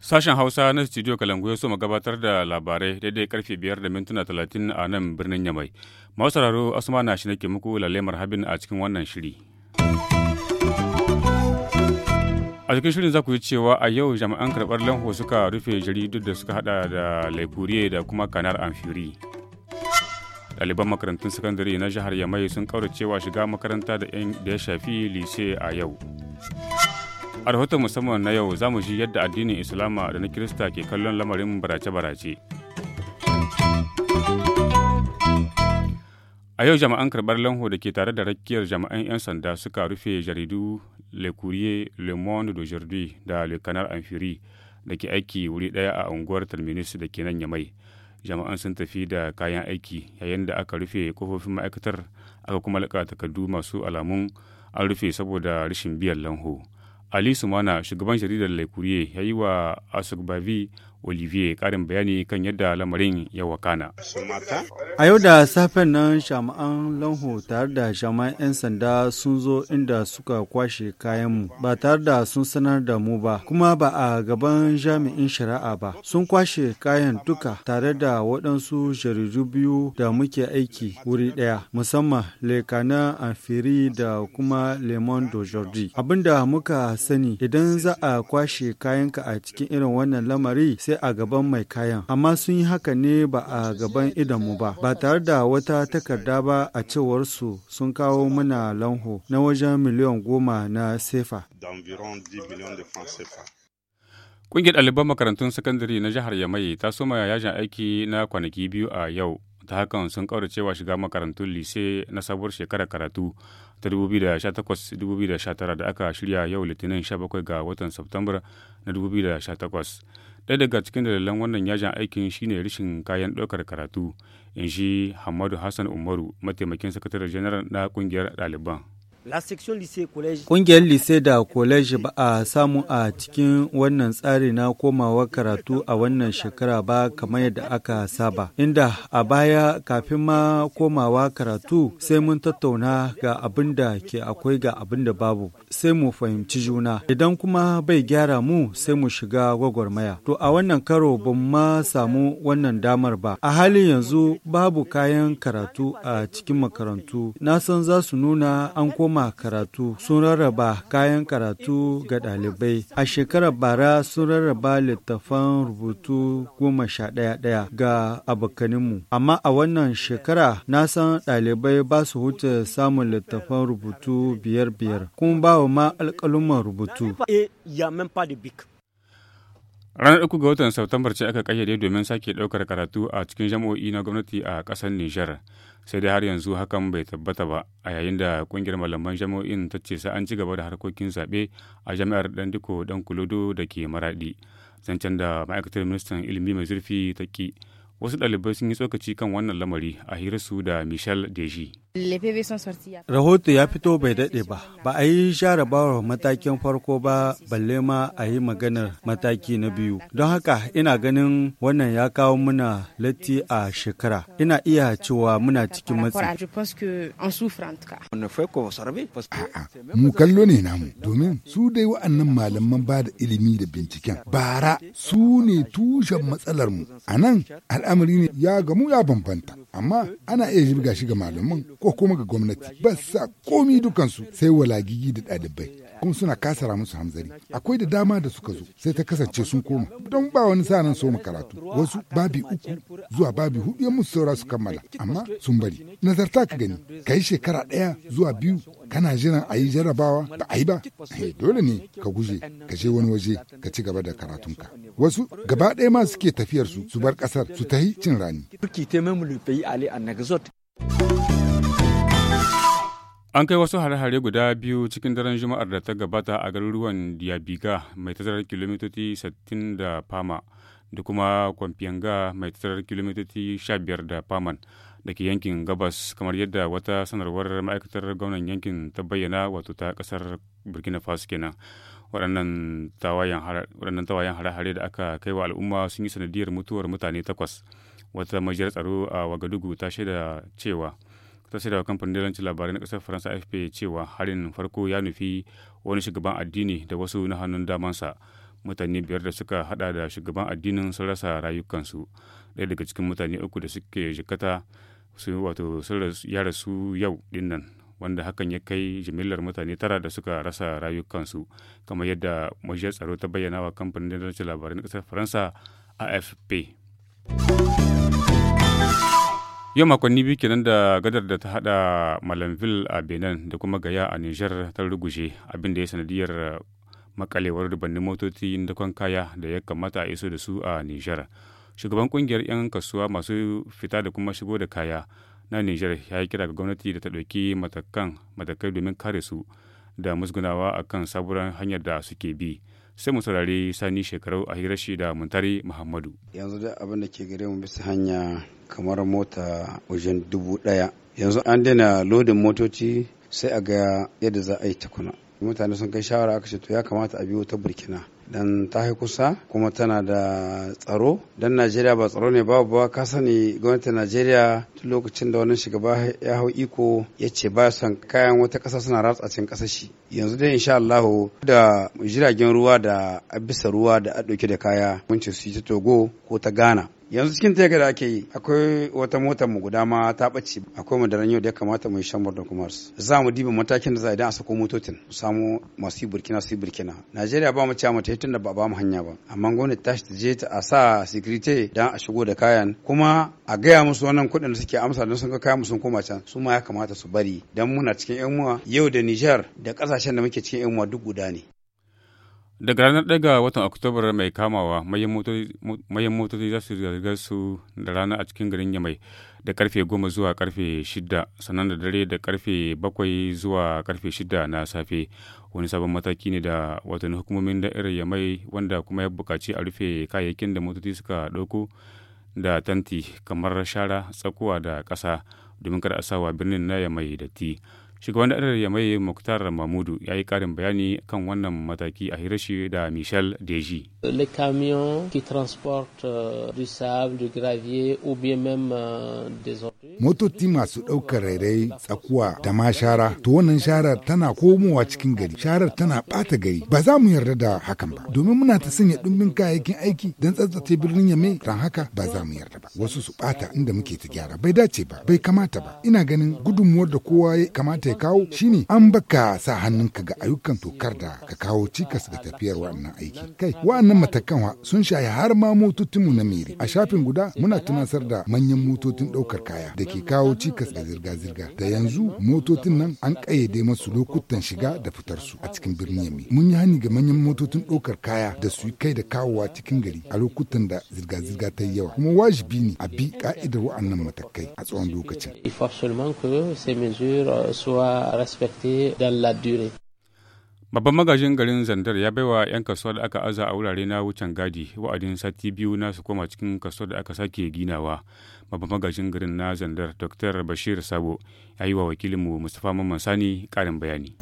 Sashen Hausa na studio Kalangu ya so mu gabatar da labarai daidai karfe biyar da mintuna talatin a nan birnin Yamai. Masu sauraro Asuma na shi nake muku lalemar habin a cikin wannan shiri. a cikin shirin za ku yi cewa a yau jami'an karɓar lanho suka rufe jaridu da suka hada da laifuriye da kuma kanar amfiri ɗaliban makarantun sakandare na jihar yamai sun cewa shiga makaranta da ya shafi lise a yau a rahoton musamman na yau za mu ji yadda addinin islama da na kirista ke kallon lamarin barace-barace A yau jama'an karɓar lanho da ke tare da rakiyar jama'an 'yan sanda suka rufe jaridu Le Courrier, Le Monde d'aujourd'hui da Le Canal Amphiri da ke aiki wuri daya a unguwar Terminus da ke nan Yamai. Jama'an sun tafi da kayan aiki yayin da aka rufe kofofin ma'aikatar aka kuma laka takardu masu alamun an rufe saboda rashin biyan lanho. Ali Sumana, shugaban jaridar Le Courrier, ya yi wa Asugbavi Olivier karin bayani kan yadda lamarin ya wakana. A yau da safen nan shama'an lanho tare da shama'an 'yan sanda sun zo inda suka kwashe kayanmu ba tare da sun sanar da mu ba kuma ba a gaban jami'in shari'a ba. Sun kwashe kayan duka tare da waɗansu jaridu biyu da muke aiki wuri ɗaya musamman lekana amfiri da kuma lemon abin da muka sani idan za a kwashe kayanka a cikin irin wannan lamari sai sai a gaban mai kayan, amma sun yi haka ne ba a gaban idonmu ba, ba tare da wata takarda ba a cewar su sun kawo mana lanho na wajen miliyan goma na sefa. Ƙungiyar ɗaliban makarantun sakandare na jihar Yamai ta soma yajin aiki na kwanaki biyu a yau. Ta hakan sun cewa shiga makarantun lise na sabuwar shekarar karatu ta 2018-2019 da aka shirya yau Litinin 17 ga watan Satumbar na ɗaya daga cikin dalilan wannan yajin aikin shine rashin kayan ɗaukar karatu in shi hamadu hassan umaru mataimakin sakataren janar na ƙungiyar ɗaliban Ƙungiyar lise da koleji ba a samu a cikin wannan tsari na komawa karatu a wannan shekara ba kamar yadda aka saba. Inda a baya kafin ma komawa karatu sai mun tattauna ga abin da ke akwai ga abin da babu sai mu fahimci juna. Idan kuma bai gyara mu sai mu shiga gwagwarmaya. To a wannan karo ban ma samu wannan damar ba. A halin yanzu babu kayan karatu a cikin makarantu. Na san za su nuna an koma koma karatu sun rarraba kayan karatu ga ɗalibai. A shekarar bara sun rarraba littafan rubutu goma sha ɗaya ɗaya ga abokaninmu. Amma a wannan shekara na san ɗalibai ba su huce samun littafan rubutu biyar biyar. Kuma ba ma alƙaluman rubutu. Ranar uku ga watan Satumbar ce aka kayyade domin sake daukar karatu a cikin jami'o'i na gwamnati a kasar Nijar. Sai dai har yanzu hakan bai tabbata ba a yayin da kungiyar malaman jami'o'in ta ce sai an ci gaba da harkokin zaɓe a jami'ar Dandiko Dan Kulodo da ke Maraɗi. Zancen da ma'aikatar ministan ilimi mai zurfi ta ki. Wasu ɗalibai sun yi tsokaci kan wannan lamari a su da Michel Deji. Rahoto ya fito bai daɗe ba, ba a yi jarabawar matakin farko ba balle ma a yi maganar mataki na biyu. Don haka ina ganin wannan ya kawo muna latti a shekara. Ina iya cewa muna cikin matsi. Mu kallo ne namu, domin su dai wa'annan malaman ba da ilimi da binciken bara su ne tushen matsalarmu. A nan al'amari ne ya gamu ya bambanta amma ana iya jirga shi ga malaman ko kuma ga gwamnati ba sa komi dukansu sai walagigi da ɗalibai kuma suna kasara musu hamzari akwai da dama da suka zo sai ta kasance sun koma don ba wani sa nan so mu karatu wasu babi uku zuwa babi hudu ya musu saura su kammala amma sun bari nazarta ka gani ka shekara ɗaya zuwa biyu kana jiran a yi jarrabawa ba a yi ba eh, dole ne ka guje ka je wani waje ka ci gaba da karatunka wasu gaba ɗaya ma suke tafiyar su su bar ƙasar su ta yi cin rani. An kai wasu hare-hare guda biyu cikin daren Juma'ar da ta gabata a garuruwan Diabiga mai tazarar kilomitoci 60 da Fama da kuma Kwamfiyanga mai tazarar kilomitoci 15 da Faman da ke yankin gabas kamar yadda wata sanarwar ma'aikatar gwamnan yankin ta bayyana wato ta kasar Burkina Faso kenan. Waɗannan tawayen hare-hare da aka kai wa al'umma sun yi sanadiyar mutuwar mutane takwas. Wata majiyar tsaro a Wagadugu ta shaida cewa. ta shirya kamfanin dalancin labarai na ƙasar faransa afp cewa harin farko ya nufi wani shugaban addini da wasu na hannun damansa mutane biyar da suka hada da shugaban addinin sun rasa rayukansu daya daga cikin mutane uku da suke jikata su wato sun ya rasu yau dinnan wanda hakan ya kai jimillar mutane tara da suka rasa rayukansu kamar yadda majiyar tsaro ta bayyana wa kamfanin dalancin labarai na ƙasar faransa afp yau makonni biyu kenan da gadar da ta hada malamville a benin da kuma gaya a niger ta ruguje abin da ya sanadiyar makalewar dubannin motoci dakon kaya da ya kamata a iso da su a niger shugaban kungiyar 'yan kasuwa masu fita da kuma shigo da kaya na niger ya yi kira ga gwamnati da ta ɗauki matakan matakai domin kare su da musgunawa akan sabuwar hanyar da suke bi. sai mu saurari sani shekaru a hirashi da muntari muhammadu yanzu da abin da ke gare mu bisa hanya kamar mota wajen dubu daya yanzu an daina lodin motoci sai a ga yadda za a yi tukuna mutane sun kai shawara aka ce to ya kamata a biyo ta burkina dan ta kusa kuma tana da tsaro dan najeriya ba tsaro ne babu ba ka sani gwamnatin najeriya tun lokacin da wani shugaba ya hau iko ya ce ba son kayan wata ƙasa suna ratsa cin kasa shi yanzu dai insha Allah da jiragen ruwa da abisa ruwa da a da kaya mun ce su ta togo ko ta ghana yanzu cikin gada da ake yi akwai wata motar mu guda ma ta ɓace akwai mu da yau da ya kamata mu yi shambar da kuma za mu diba matakin da za a idan a sako motocin mu samu masu yi burkina su yi burkina najeriya ba mu ca mata tun da ba ba mu hanya ba amma gwamnati ta shi je ta a sa security don a shigo da kayan kuma a gaya musu wannan kuɗin da suke amsa don sun ga kayan mu sun koma can su ma ya kamata su bari don muna cikin yan yau da Nijar da kasashen da muke cikin yan duk guda ne daga ranar ɗaga watan oktobar mai kamawa mayan motoci za su zirga su da rana a cikin garin yamai da karfe goma zuwa karfe shida sannan da dare da karfe bakwai zuwa karfe shida na safe wani sabon mataki ne da watan hukumomin da'irar yamai wanda kuma ya bukaci a rufe kayayyakin da motoci suka ɗauko da tanti kamar shara tsakuwa da ƙasa domin kada a sawa birnin na yamai datti. Shugaban daɗar Yamai Muktar Mahmudu ya yi karin bayani kan wannan mataki a hirashi da Michel Deji. Les camions qui transportent euh, du sable, du gravier ou bien même euh, des motoci masu ɗaukar rairayi tsakuwa da ma shara to wannan sharar tana komowa cikin gari sharar tana ɓata gari ba za mu yarda da hakan ba domin muna ta sanya ɗumbin kayayyakin aiki don tsatsace birnin yame ran haka ba za mu yarda ba wasu su ɓata inda muke ta gyara bai dace ba bai kamata ba ina ganin gudunmuwar da kowa ya kamata ya kawo shine an baka sa hannun ka ga ayyukan tokar da ka kawo cikas ga tafiyar wannan aiki kai wa'annan matakan sun shaye har ma motocinmu na meri a shafin guda muna tunasar da manyan motocin ɗaukar kaya da ke kawo cikas ga zirga-zirga da yanzu motocin nan an ƙayyade masu lokutan shiga da fitar su a cikin birnin yami mun yi hani ga manyan motocin ɗaukar kaya da su kai da kawowa cikin gari a lokutan da zirga-zirga ta yi yawa kuma wajibi ne a bi ka'idar wa'annan matakai a tsawon lokacin euh, Babban magajin garin Zandar ya baiwa 'yan kasuwa da aka aza a wurare na wucin gadi wa'adin sati biyu na su koma cikin kasuwar da aka sake ginawa. babban magajin garin na zandar dr bashir sabo ya yi wa wakilinmu mustapha mamman sani karin bayani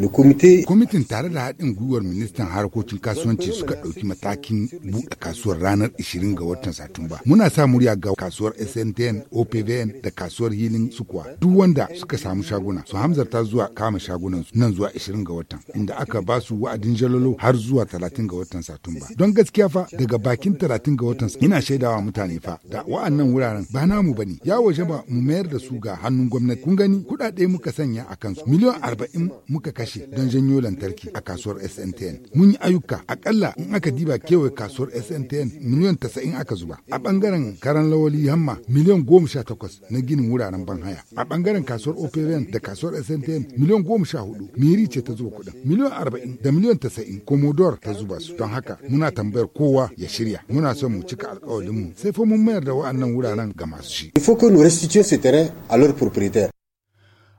kwamitin tare da haɗin gwiwar ministan harkokin kasuwanci suka ɗauki matakin buɗe kasuwar ranar 20 ga watan satumba muna sa murya ga kasuwar sntn opvn da kasuwar hilin sukuwa duk wanda suka samu shaguna su hamzarta zuwa kama shagunan nan zuwa 20 ga watan inda aka ba su wa'adin jalolo har zuwa 30 ga watan satumba don gaskiya fa daga bakin 30 ga watan ina shaidawa mutane fa da wa'annan wuraren ba namu ba ba ne ya waje ba mu mayar da su ga hannun gwamnati kun gani kuɗaɗe muka sanya a kansu miliyan arba'in muka kashe don janyo lantarki a kasuwar SNTN mun yi ayyuka akalla in aka diba kewaye kasuwar SNTN miliyan tasa'in aka zuba a bangaren karan lawali hamma miliyan goma sha takwas na ginin wuraren ban haya. a bangaren kasuwar operan da kasuwar SNTN miliyan goma sha hudu miri ce ta zuba kuɗin miliyan arba'in da miliyan tasa'in komodor ta zuba su don haka muna tambayar kowa ya shirya muna son mu cika alkawalinmu sai fa mun mayar da wa'annan wuraren ga masu shi. Il faut que nous restituions ce terrain à leurs propriétaires.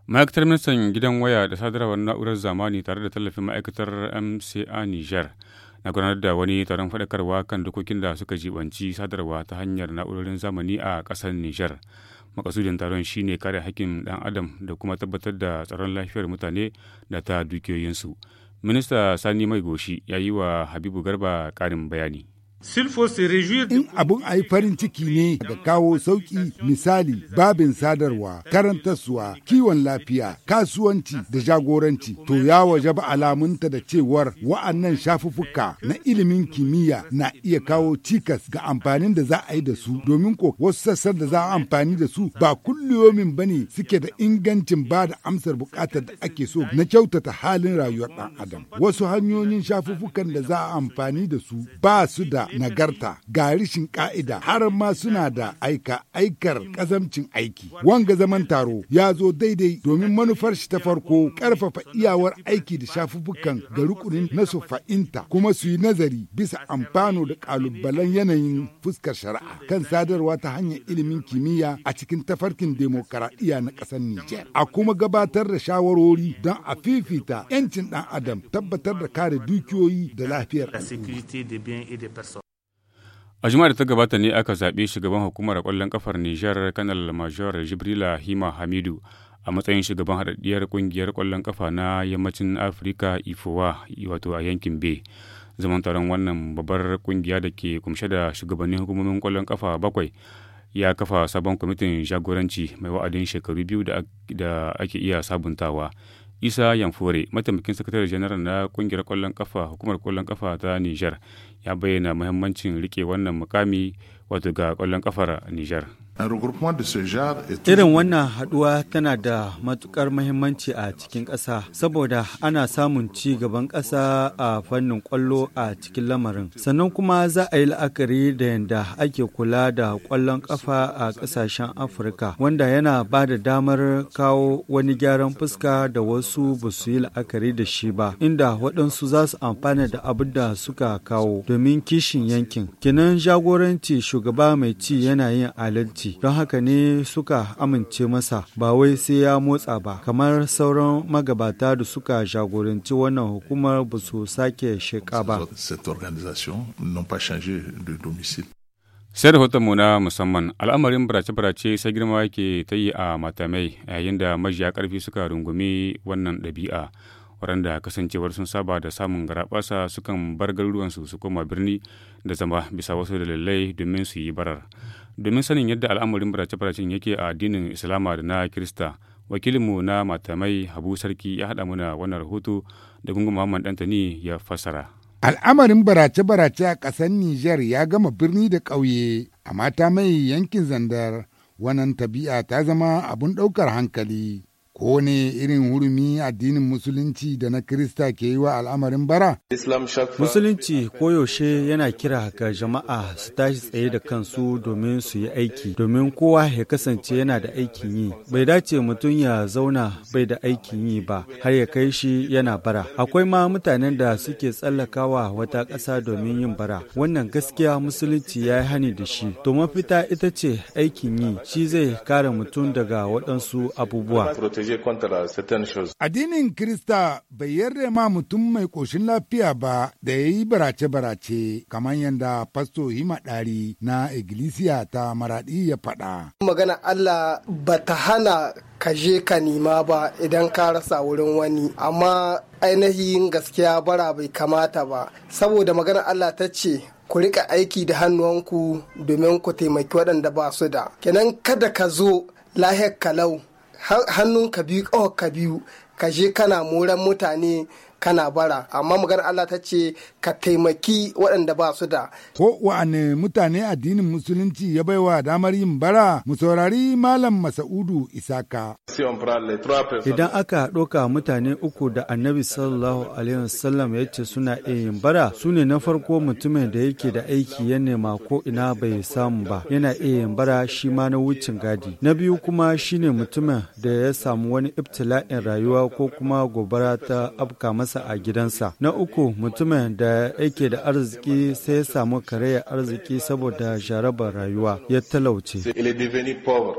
ma'aikatar ministan gidan waya da sadarwar na'urar zamani tare da tallafin ma'aikatar mca niger na gudanar da wani taron faɗakarwa kan dokokin da suka jibanci sadarwa ta hanyar na'urorin zamani a ƙasar niger makasudin taron shine kare hakkin ɗan adam da kuma tabbatar da tsaron lafiyar mutane da ta dukiyoyinsu minista sani mai goshi ya yi wa habibu garba ƙarin bayani In abun a yi farin ciki ne ga kawo sauƙi misali babin sadarwa, karantarsuwa, kiwon lafiya, kasuwanci da jagoranci. To ya waje ba alamunta da cewar wa'annan shafuffuka na ilimin kimiyya na iya kawo cikas ga amfanin da za a yi da su domin ko wasu sassan da za a amfani da su ba kulliyomin ba ne suke da ingancin ba da amsar buƙatar da ake so na kyautata halin rayuwar ɗan adam. Wasu hanyoyin shafuffukan da za a amfani da su ba su da nagarta ga rishin ka'ida har ma suna da aika aikar kazamcin aiki. Wanga zaman taro ya zo daidai domin manufar shi ta farko karfafa iyawar aiki da shafuffukan ga rukunin na sufa'inta kuma su yi nazari bisa amfano da kalubalen yanayin fuskar shari'a kan sadarwa ta hanyar ilimin kimiyya a cikin tafarkin demokaradiyya na ƙasar Nijar. A kuma gabatar da shawarori don a fifita 'yancin ɗan adam tabbatar da kare dukiyoyi da lafiyar. A juma'a da ta gabata ne aka zaɓi shugaban hukumar ƙwallon ƙafar Nijar Kanal Major Jibrila Hima Hamidu a matsayin shugaban haɗaɗɗiyar ƙungiyar ƙwallon ƙafa na yammacin Afirka Ifowa wato a yankin Bay. Zaman taron wannan babbar ƙungiya da ke kumshe da shugabannin hukumomin ƙwallon ƙafa bakwai ya kafa sabon kwamitin jagoranci mai wa'adin shekaru biyu da ake iya sabuntawa. Isa Yamfore, mataimakin sakataren janar na ƙungiyar ƙwallon ƙafa hukumar ƙwallon ƙafa ta Nijar, ya bayyana muhimmancin rike wannan mukami wato ga ƙwallon kafar Nijar. Irin wannan haduwa tana da matukar mahimmanci a cikin ƙasa saboda ana samun ci gaban ƙasa a fannin kwallo a cikin lamarin. Sannan kuma za a yi la'akari da yadda ake kula da ƙwallon ƙafa a ƙasashen Afirka wanda yana ba da damar kawo wani gyaran fuska da wasu ba su yi la'akari da shi ba inda waɗansu za su amfana da abin da suka kawo. domin kishin yankin. Kenan jagoranci shugaba mai ci yana yin adalci don haka ne suka amince masa ba wai sai ya motsa ba kamar sauran magabata da suka jagoranci wannan hukumar ba su sake sheka ba. sai hoton na musamman al'amarin barace-barace sai girma yake ta yi a matamai yayin da majiya karfi suka rungumi wannan ɗabi'a waɗanda kasancewar sun saba da samun garabasa sukan bar garuruwansu su koma birni da zama bisa wasu dalilai domin su yi barar domin sanin yadda al'amarin barace-baracen yake a addinin islama da na kirista wakilinmu na matamai habu sarki ya haɗa mana wannan rahoto da gungun muhammad dantani ya fassara Al'amarin barace-barace a ƙasar Nijar ya gama birni da ƙauye, a mata mai yankin zandar, wannan tabi'a ta zama abun ɗaukar hankali. ko ne irin hurumi addinin musulunci da na Kirista ke yi wa al'amarin bara? Musulunci koyaushe yana kira ga jama'a su tashi tsaye da kansu domin su yi aiki, domin kowa ya kasance yana da aikin yi. Bai dace mutum ya zauna bai da aikin yi ba, har ya kai shi yana bara. Akwai ma mutanen da suke tsallakawa wata ƙasa domin yin bara. Wannan gaskiya musulunci ya yi hani da shi. To mafita ita ce aikin yi, shi zai kare mutum daga waɗansu abubuwa. Addinin Kirista bai yarda ma mutum mai ƙoshin lafiya ba da ya yi barace-barace kamar yadda Fasto Hima na Iglesia ta Maraɗi ya faɗa. Magana Allah ba ta hana ka je ka nima ba idan ka rasa wurin wani, amma ainihin gaskiya bara bai kamata ba, saboda magana Allah ta ce ku rika aiki da hannuwanku domin ku taimaki waɗanda ba su da. Kenan kada ka zo lahiyar kalau hannun ka biyu kawai ka biyu ka je kana moran mutane kana bara amma maganar Allah ta ce ka taimaki waɗanda ba su da ko wa'ane mutane addinin musulunci ya bai wa damar yin bara mu saurari malam Masaudu Isaka idan aka ɗoka mutane uku da Annabi sallallahu alaihi wasallam ya ce suna iya yin bara su ne na farko mutumin da yake da aiki ya nema ko ina bai samu ba yana iya yin bara shi ma na wucin gadi na biyu kuma shine mutumin da ya samu wani ibtila'in rayuwa ko kuma gobara ta afka masa masa a gidansa. Na uku mutumin da yake da arziki sai ya samu karaya arziki saboda jarabar rayuwa ya talauce.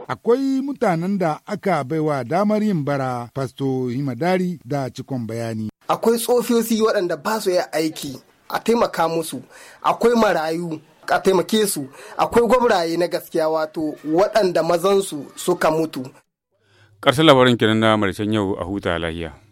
Akwai mutanen da aka baiwa damar yin bara fasto himadari da cikon bayani. Akwai tsofiyosi waɗanda ba su yi aiki a taimaka musu akwai marayu a taimake su akwai gwabraye na gaskiya wato waɗanda mazansu suka mutu. Ƙarshen labarin kenan na yau a huta lahiya.